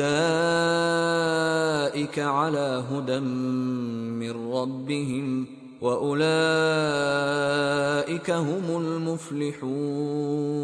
أولئك على هدى من ربهم وأولئك هم المفلحون